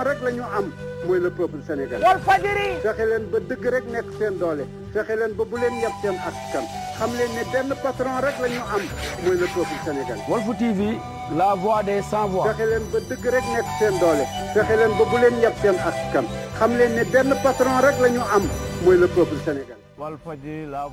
rek la ñu am mooy le peuple sénégalais. wal fajiri. fexe leen ba dëgg rek nekk seen doole fexe leen ba bu leen yab seen askan xam leen ne benn patron rek la ñu am mooy le peuple sénégalais. Walfu TV la voix des sans voix. fexe leen ba dëgg rek nekk seen doole fexe leen ba bu leen yab seen askan xam leen ne benn patron rek la ñu am mooy le peuple sénégalais. Walfadjri la.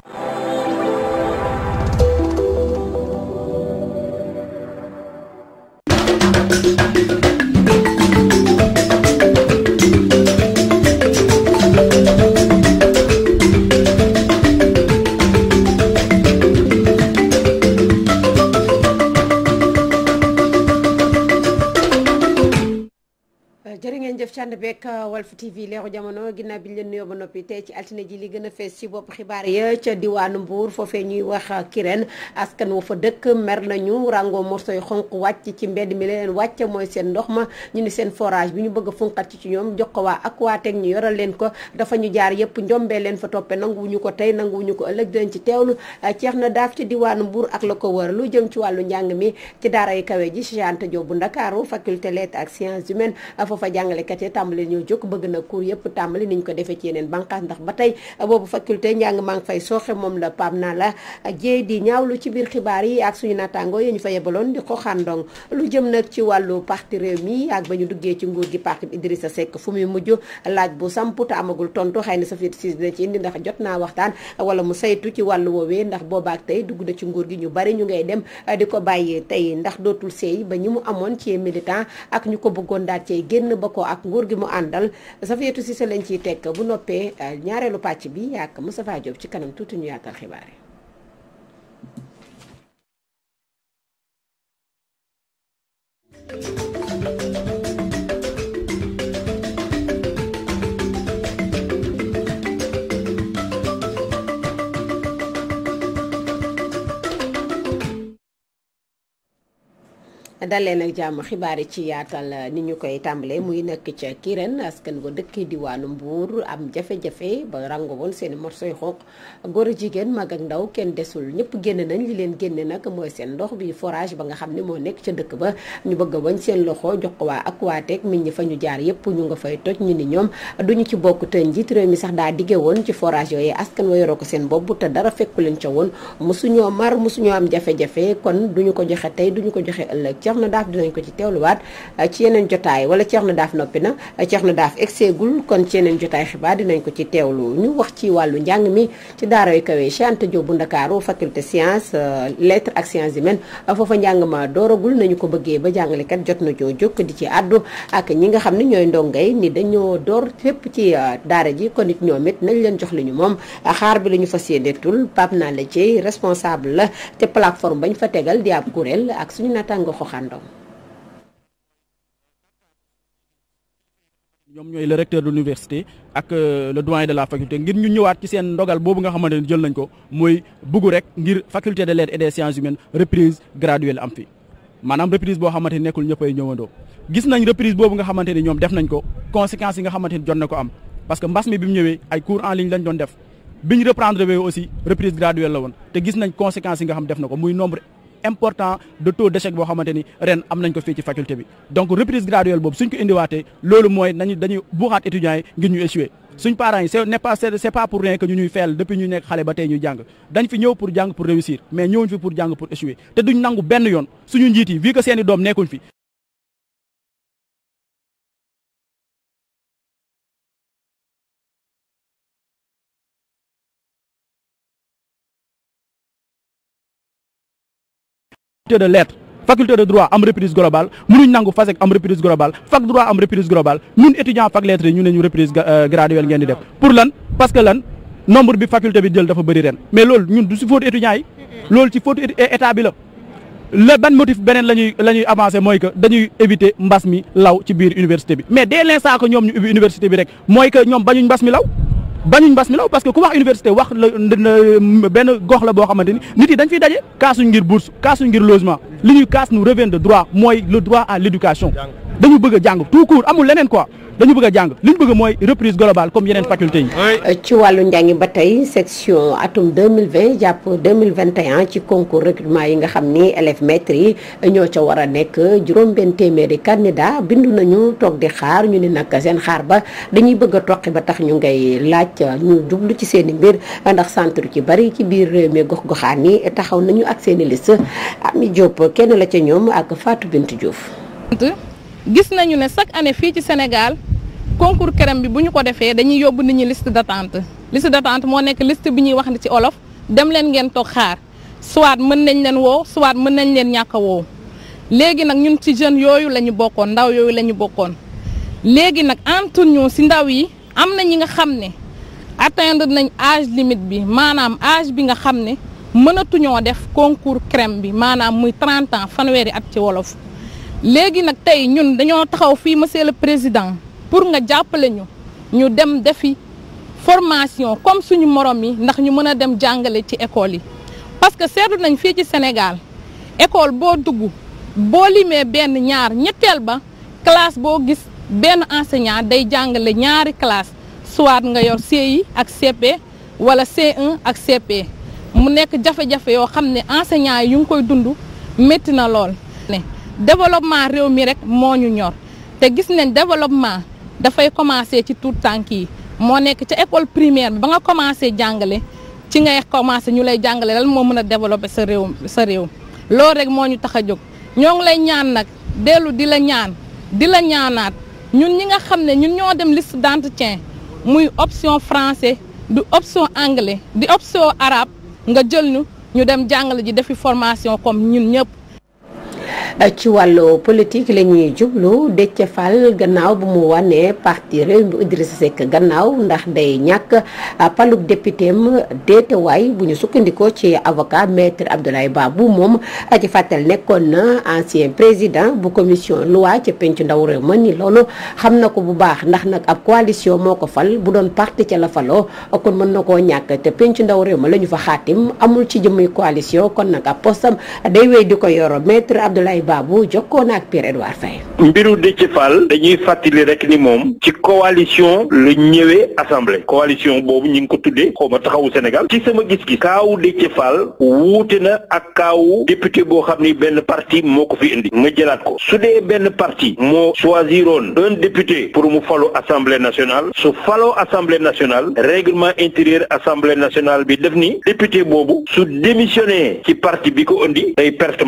TV xew-xew jamono ginnaaw bi ñu leen nuyoo ba noppi tey ci altine ji li gën a fees ci bopp xibaar ya ca diwaanu Mbour foofee ñuy wax Kirène askan wa fa dëkk mer nañu rango morso yu xonq wàcc ci mbedd mi leen wàcc mooy seen ndox ma ñu ni seen forage ñu bëgg a ci ci ñoom jox ko waa Aquatec ñu yoral leen ko dafa ñu jaar yëpp njombe leen fa toppe ñu ko tey ñu ko ëllëg dinañ ci teewlu eh, ceex na daaf ci diwaanu Mbour ak la ko wër lu jëm ci wàllu njàng mi ci daara yu kawe ji Cheikh Anta bu Ndakaaru faculté lettres ak sciences humaines eh, foofa jàngalekat yi tàmbali ñoo jóg bëgg na cours yëpp ñëpp tàmbali niñ ko defee ci yeneen bànqaas ndax ba tey boobu faculté njàng maa ngi fay sooxe moom la Pape naa la jéey di ñaawlu ci biir xibaar yi ak suñu naataangoo yi ñu fa yebaloon di xooxaan ndong lu jëm nag ci wàllu parti réew mi ak ba ñu duggee ci nguur gi parti bi Idrissa Seck fu muy mujj laaj bu samp te amagul tontu xëy na sa fiit siis dina ci indi ndax jot naa waxtaan wala mu saytu ci wàllu woowee ndax boobaak tey dugg na ci nguur gi ñu bari ñu ngay dem di ko bàyyee tey ndax dootul seey ba ñi mu amoon ci militant ak ñu ko bëggoon daal cee génn ba ko ak nguur gi mu àndal sa fiit Bintu sa lañ ciy tekk bu noppee euh, ñaareelu pàcc bi yàq Moustapha Diop ci kanam tuuti ñu yaatal xibaar dalee nag jàmm xibaar yi ci yaatal euh, ni ñu koy tàmbalee muy nekk ca Kirène askan ba dëkk diwaanu Mbour am jafe-jafe ba rango woon seen morso yu xonq góor a jigéen mag ak ndaw kenn desul ñëpp génn nañ li leen génne nag mooy seen ndox bi forage ba nga xam ne moo nekk ca dëkk ba ñu bëgg a bañ seen loxo jox ko waa Aquatec mit ñi fa ñu jaar yëpp ñu nga fay toj ñu ni ñoom duñu ci bokk te njiit réew mi sax daa dige woon ci forage yooyu askan wa ko seen bopp te dara fekku leen ca woon mosuñoo mar mosuñoo am jafe-jafe kon ko joxe tey duñu ko joxe ëllëg Ceerno Daaf dinañ ko ci teewluwaat eh, ci yeneen jotaay wala Ceerno Daaf noppi na Ceerno eh, Daaf egseegul kon ci yeneen jotaay xibaar dinañ ko ci teewlu ñu wax ci wàllu njàng mi ci daara yu kawe Cheikh Anta Diop bu eh, ma dooragul nañu ko bëggee ba jàngalekat jot na joo jóg di ci àddu ak ñi nga xam ne ñooy ndongay ni dañoo door fépp ci daara ji kon it ñoom nañ leen jox li ñu moom xaar bi la ñu fas yéeneetul Pape Nalla Dieye responsable la te plateforme bañ fa tegal di ab kuréel ak suñu naataango xoxaan référendum. ñoom ñooy le recteur de l'université ak euh, le doyen de la faculté ngir ñu ñëwaat ci seen ndogal boobu nga xamante ne jël nañ ko mooy bugg rek ngir faculté de lettres et des sciences humaines reprise graduelle am fi maanaam reprise boo xamante ne nekkul ñëppay ñëwandoo gis nañ reprise boobu nga xamante ne ñoom def nañ ko conséquences yi nga xamante ne jot na ko am parce que mbas mi bi mu ñëwee ay cours en ligne lañ doon def bi ñu reprendre aussi reprise graduelle la woon te gis nañ conséquences yi nga xam def na ko muy nombre important de taux d'échec boo xamante ni ren am nañ ko fii ci faculté bi donc reprise graduelle boobu suñ ko indiwaatee loolu mooy nañu buuxaat étudiants ngir ñu échouer suñ parents yi c'est n'est pas c'est pour rien que ñu ñuy feel depuis ñu nekk xale ba tey ñuy jàng dañ fi ñëw pour jàng pour réussir mais ñëwuñ fi pour jàng pour échouer te duñ nangu benn yoon suñu njiit yi vu que seeni doom nekkuñ fi faculté de lettres faculté de droit am reprise globale mënuñ nangu fasek am reprise globale fac e droit am reprise globale ñun étudiant fac e lettres ñu ne ñu reprise euh, graduelle ngeen di def pour lan parce que lan nombre bi faculté bi jël dafa bëri ren mais loolu ñun du si faute étudiants yi loolu ci faute état bi la le ban motif beneen la ñuy la ñuy avancé mooy que dañuy éviter mbas mi law ci biir université bi mais dès l'instant que ñoom ñu ubbi université bi rek mooy que ñoom bañuñ mbas mi law bañuñ mbas mi la parce que ku wax université wax la benn gox la boo xamante ni nit yi dañ fiy daje kaasuñ ngir bourse kaasuñ ngir logement li ñuy kaas nous revient de droit mooy le droit à l'éducation dañu bëgg a jàng tout court amul leneen quoi dañu bëgg a li ñu bëgg mooy reprise globale comme yeneen faculté yi. Euh, ci wàllu njàngi ba tey section atum 2020 jàpp 2021 ci concours recrutement yi nga xam ni élèves maîtres yi ñoo ca war a nekk juróom-benn téeméeri candidat bindu nañu toog di xaar ñu ni nag seen xaar ba dañuy bëgg a toqi ba tax ñu ngay laaj ñu jublu ci seen i mbir ndax centre ci bari ci biir réew mi gox-goxaan yi taxaw nañu ak seen list liste Ami Diop kenn la ca ñoom ak Fatou bint Diouf. gis nañu ne chaque année fii ci Sénégal concours crème bi bu ñu ko defee dañuy yóbbu nit ñi liste d'attente liste d'attente moo nekk liste bi ñuy wax ci olof dem leen ngeen toog xaar soit mën nañ leen woow soit mën nañ leen ñàkk a woo léegi nag ñun ci jeunes yooyu la ñu bokkoon ndaw yooyu la ñu bokkoon léegi nag entre nous si ndaw yi am na ñi nga xam ne atteindre nañ âge limite bi maanaam age bi nga xam ne mënatuñoo def concours crème bi maanaam muy 30 ans fanweeri at ci wolof léegi nag tey ñun dañoo taxaw fii monsieur président pour nga jàppale ñu ñu dem defi formation comme suñu morom yi ndax ñu mën a dem jàngale ci école yi parce que seetlu nañ fii ci Sénégal école boo dugg boo limee benn ñaar ñetteel ba classe boo gis benn enseignant day jàngale ñaari classe soit nga yor CI ak CP wala C1 ak CP mu nekk jafe-jafe yoo xam ne enseignant yi yu koy dund métti na lool développement réew mi rek moo ñu ñor te gis nañ développement dafay commencé ci tout tànk yi moo nekk ca école primaire bi ba nga commencé jàngale ci ngay commencé ñu lay jàngale lan moo mën a développé sa réew sa réew loolu rek moo ñu tax a jóg ñoo lay ñaan nag dellu di la ñaan di la ñaanaat ñun ñi nga xam ne ñun ñoo dem liste d'entretien muy option français du option anglais di option arabe nga jël ñu ñu dem jàngale ji defi formation comme ñun ñëpp ci wàllu politique la ñuy jublu Déthié Fall gannaaw bu mu wanee parti Rewmi bu Idrissa Seck gannaaw ndax day ñàkk palug député am déetewaay bu ñu sukkandikoo ci avocat maître Abdoulaye Babou moom ci fàttal nekkoon na ancien président bu commission loi ca pencu ndaw réew ma ni loolu xam na ko bu baax ndax nag ab coalition moo ko fal bu doon parti ca la faloo kon mën na koo ñàkk te pencu ndaw réew ma la ñu fa xaatim amul ci jëmm coalition kon nag Abdoulaye Babou jokkoo na ak mbiru Déthié Fall dañuy fàttali rek ni moom ci coalition la ñëwee assemblée coalition boobu ñu ngi ko tuddee xaw ma taxawu Sénégal ci sama gis-gis kaawu Déthié Fall wuute na ak kaawu député boo xam ni benn parti moo ko fi indi ma jëlaat ko su dee benn parti moo choisiroon un député pour mu falu assemblée nationale su falo assemblée nationale règlement intérieur assemblée nationale bi def ni député boobu su démissionné ci parti bi ko indi day perte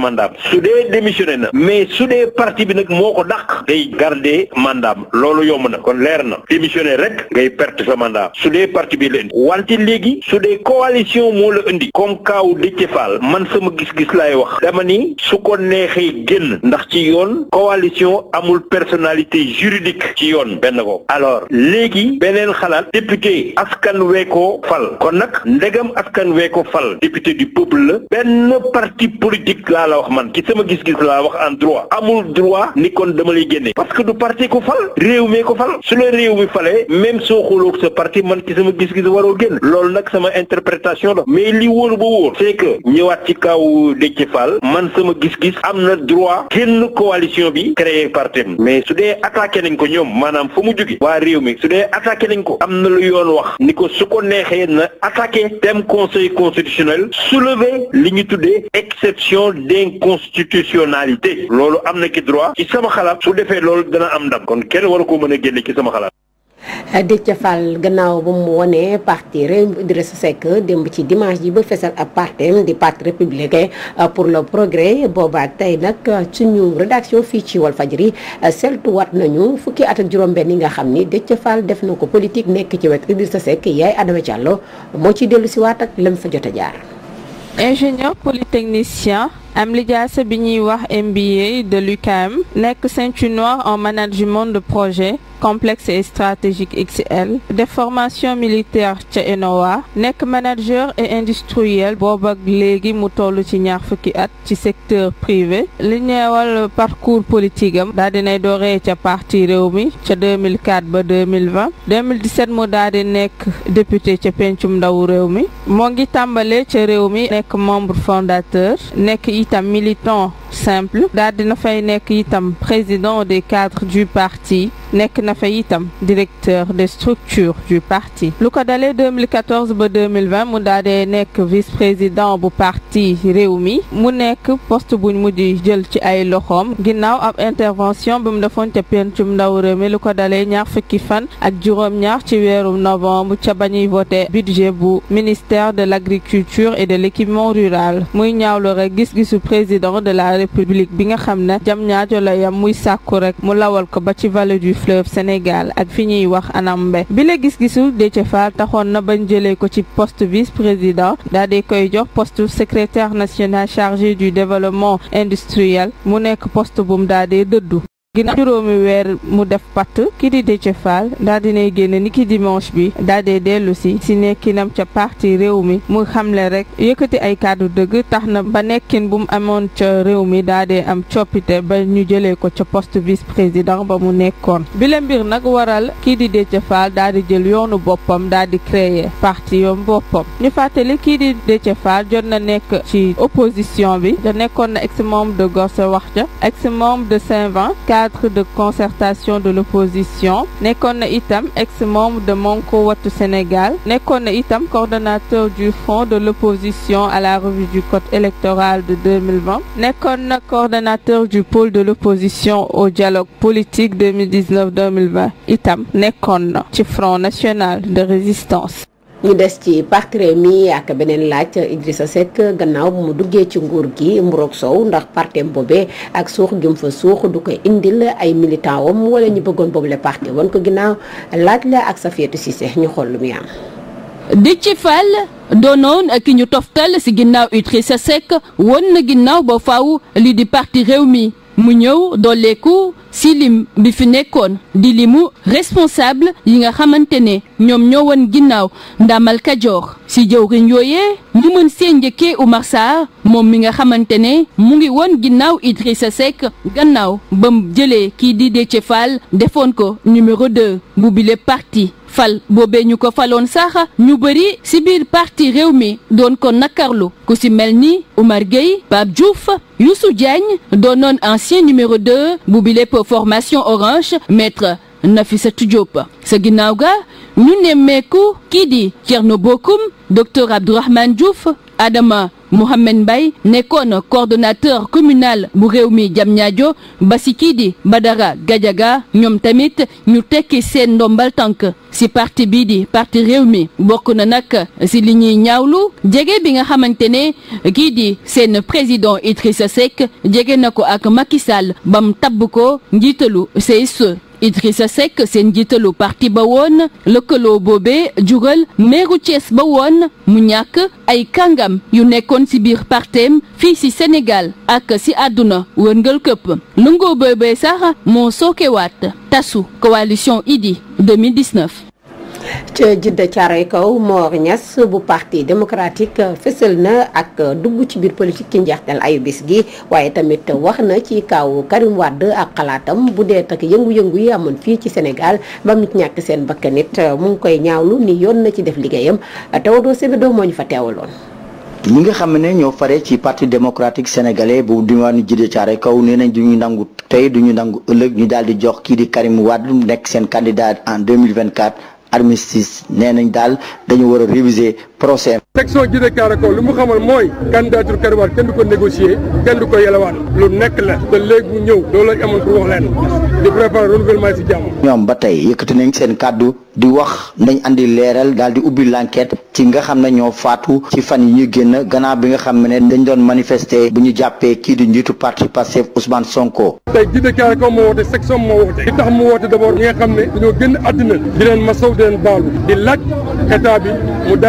démissionné na mais su dee partie bi nag moo ko dàq day garder mandat loolu yomb na kon leer na démissionné rek ngay perte sa mandat su dee parti bi la indi wante léegi su dee coalition moo la indi comme kaaw Déthié Fall man sama gis-gis laay wax dama ni su ko neexee génn ndax ci yoon coalition amul personnalité juridique ci yoon benn ko alors léegi beneen xalaat député askan weeko fal kon nag ndegam askan weeko fal député du peuple la benn parti politique man ci sama laa wax en droit amul droit ni kon dama lay génne parce que du parti ko fal réew mee ko fal su la réew mi falee même soo xooloog sa parti man ci sama gis-gis waroo génn loolu nag sama interprétation la mais li wóor ba wóor c'est que ñëwaat ci kaw Déthié Fall man sama gis-gis am na droit génn coalition bi créer parti mais su dee attaqué nañ ko ñoom maanaam fa mu jóge waa réew mi su dee attaqué nañ ko am na lu yoon wax ni ko su ko neexee na attaqué dem conseil constitutionnel nationalité loolu am na ki droit ci sama xalaat su defee loolu dana am ndam kon kenn war ko mën a génne ci sama xalaat. Déthié Fall gannaaw ba mu wonee parti Rewmi Idrissa Seck ci dimanche ji ba fesal ab partem di parti républicain euh, pour le progrès boobaa tey nag euh, suñu rédaction fii ci Walfadjri euh, wat nañu fukki at ak juróom-benn yi nga xam ni Déthié Fall def na ko politique nekk ci wet sa Seck yaay Adama Diallo moo ci dellu si waat ak lam fa jot a jaar. ingénieur polytechnicien. am lijaasa bi ñuy wax MBA de l'UCAM nekk ceinture noire en management de projet complexe et stratégique XL def formation militaire ca ENOA nekk manager et industriel boobu léegi mu toll ci ñaar fukki at ci secteur privé li ñeewal parcours politique am daal dinay dooree ca parti réew mi ca 2004 ba 2020 2017 mu daal di nekk député ca pencum ndawu réew mi moo ngi tàmbale ca réew mi nekk membre fondateur nekk itam militant simple daal dina fay nekk tam président des cadres du parti nekk na fa itam directeur des structures du parti lu ko dalee 2014 ba 2020 mu daal dee nekk vice-président bu parti réew mi mu nekk poste buñ mu di jël ci ay loxoom ginnaaw ab intervention bi mu defoon ca pencum ndaw réew lu ko dalee ñaar fukki fan ak juróom-ñaar ci weerum novembre ca bañuy voté budget bu ministère de l'agriculture et de l'équipement rural muy ñaawlu rek gis-gisu président de la république bi nga xam ne jam ñaajo la yam muy sàkku rek mu lawal ko ba ci vallée du fleuve Sénégal ak fi ñuy wax Anambé bi la gis-gisu Déthié Fall taxoon na bañ jëlee ko ci post vice président daal di koy jox poste secrétaire national chargé du développement industriel mu nekk post bu mu daal di dëddu ginnaaw juróomi weer mu def patt kii di Déthié Fall daal dinay génn ni ki dimanche bi daal dee dellu si si nekkinam ca parti réew mi mu xamle rek yëkkati ay kàddu dëgg tax na ba nekkin bu mu amoon ca réew mi daal dee am coppite ba ñu jëlee ko ca poste vice président ba mu nekkoon bile mbir nag waral kii di Déthié Fall daal di jël yoonu boppam daal di créer parti yoom boppam ñu fàttali kii di Déthié jot na nekk ci opposition bi da nekkoon na ex membre de Gossas Waxja ex membre de Saint-Van cadre de concertation de l'opposition nekkoon na itam ex-membre de Manko Wattu Sénégal nekkoon na itam coordonnateur du front de l'opposition à la revue du code électoral de 2020 nekkoon na coordonnateur du pôle de l'opposition au dialogue politique 2019-2020 itam nekkoon na ci front national de résistance ñu des ci parti Rewmi ak beneen laaj sa Seck gannaaw bu mu duggee ci nguur gi mburoog soow ndax partem boobee ak suux jum fa suux du ko indil ay militant wam wala ñu bëggoon boobu le parti wan ko ginnaaw laaj la ak Safiatou Cissé ñu xool lu muy am. Déthié Fall doonoon ki ñu toftal si ginnaaw sa Seck won na ginnaaw ba faw li di parti Rewmi mu ñëw dolleeku si lim bi fi nekkoon di limu responsable yi nga xamante ne ñoom ñoo woon ginnaaw ndamal Kajoor si jëwriñ yooyee ñu mën see njëkkee u Sarr moom mi nga xamante ne mu ngi woon ginnaaw sa Seck gannaaw ba mu jëlee kii di Déthié Fall defoon ko numéro 2 bu parti fal boobe ñu ko faloon sax ñu bëri ci biir parti réew mi doon ko nakarlu ku ci mel ni Oumar Gueye Pape Diouf Youssou Diagne doonoon ancien numéro 2 bu bi lépp formation orange maître Nafissatou Diop sa ginnaaw ga ñu nemmeeku kii di Thierno Bocoum docteur Abdourahmane Diouf Adama Mohamed mbay nekkoon coordonnateur communal bu réew mi jam Diamniadio ba si kii di Badara gajaga ñoom tamit ñu tekki seen ndombal tànk si parti bii di parti réew mi bokk na nag si li ñuy ñaawlu jege bi nga xamante ne kii di seen président Idrissa Seck jege na ko ak Macky ba mu tabb ko njiitalu CSE it Idrissa Seck seen jiitalu parti ba woon lëkkaloo boobee jural meeru Thiès ba woon mu ñàkk ay kàngam yu nekkoon ci biir parteem fii ci Sénégal ak ci àdduna wërngal këpp lëngoo boobee sax moo sookewaat tasu coalition Idy 2019 ca Jidda Caaroy kaw moo Niass bu parti démocratique fësal na ak dugg ci biir politique ci njeextal ayubis gi waaye tamit wax na ci kaw Karim Wade ak xalaatam bu dee tak yëngu-yëngu yi amoon fii ci Sénégal ba mu ñàkk seen bakkan nit mu ngi koy ñaawlu ni yoon na ci def liggéeyam te Théodore Semedo moo ñu fa teewaloon. mu ngi xam ne ñoo fare ci parti démocratique sénégalais bu diwaanu Jidda Caaroy kaw nee nañ du ñu nangu tey du ñu nangu ëllëg ñu daal di jox kii di Karim Wade nekk seen candidat en 2024 armistice nee nañ daal dañu war a réviser procès. section ji de Kaarako lu mu xamal mooy candidature Karim Wade kenn du ko négocier kenn du ko yelawaan lu nekk la te léegi mu ñëw loolu lañ amoon pour wax leen di préparer renouvellement si jàmm. ñoom ba tey yëkkati nañ seen kàddu. di wax nañ andi leeral dal di ubbi l'enquête ci nga xam ne ñoo faatu ci fan yi ñu génn gannaaw bi nga xam ne dañ doon manifester bu ñu jàppee kii di njiitu parti Pastef Ousmane Sonko. tey Djidah Kaarako moo woote section moo woote li tax mu woote d'abord ñi nga xam ne dañoo génn àddina di leen masaw di leen bi mu daal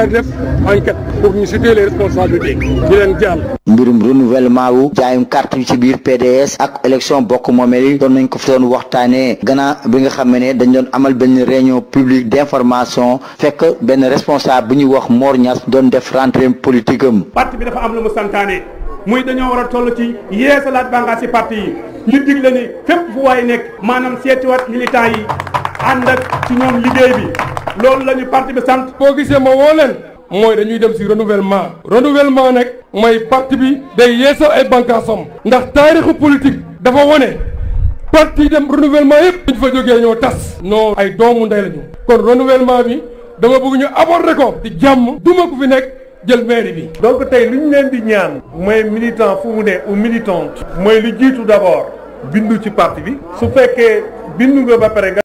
di def enquête pour ñu situer les responsabilités di leen jàll. mbirum renouvellement wu jaayum carte ci biir PDS ak élection bokk moomeel yi doon nañ ko fi waxtaanee gannaaw bi nga xam ne dañ doon mail d'information fekk benn responsable bu ñu wax Mor Niass doon def rentrée politique am. parti bi dafa am lu mu santaane muy dañoo war a toll ci yeesalaat bànqaas si parti yi ñu digle ni fépp fu waay nekk maanaam seetiwaat militant yi ànd ak ci ñoom liggéey bi loolu la ñu parti bi sant. boo gisee ma woo leen mooy dañuy dem si renouvellement renouvellement nag mooy parti bi day yeesal ay bànqaasam ndax taarixu politique dafa wone parti dem renouvellement yëpp dañ fa jógee ñoo tas non ay doomu ndey lañu kon renouvellement bi dama bëgg ñu aborder ko di jàmm duma ko fi nekk jël mairie bi donc tey li ñu leen di ñaan mooy militant fu mu ne ou militante mooy lu jiitu d'abord bindu ci parti bi su fekkee bindu nga ba pare nga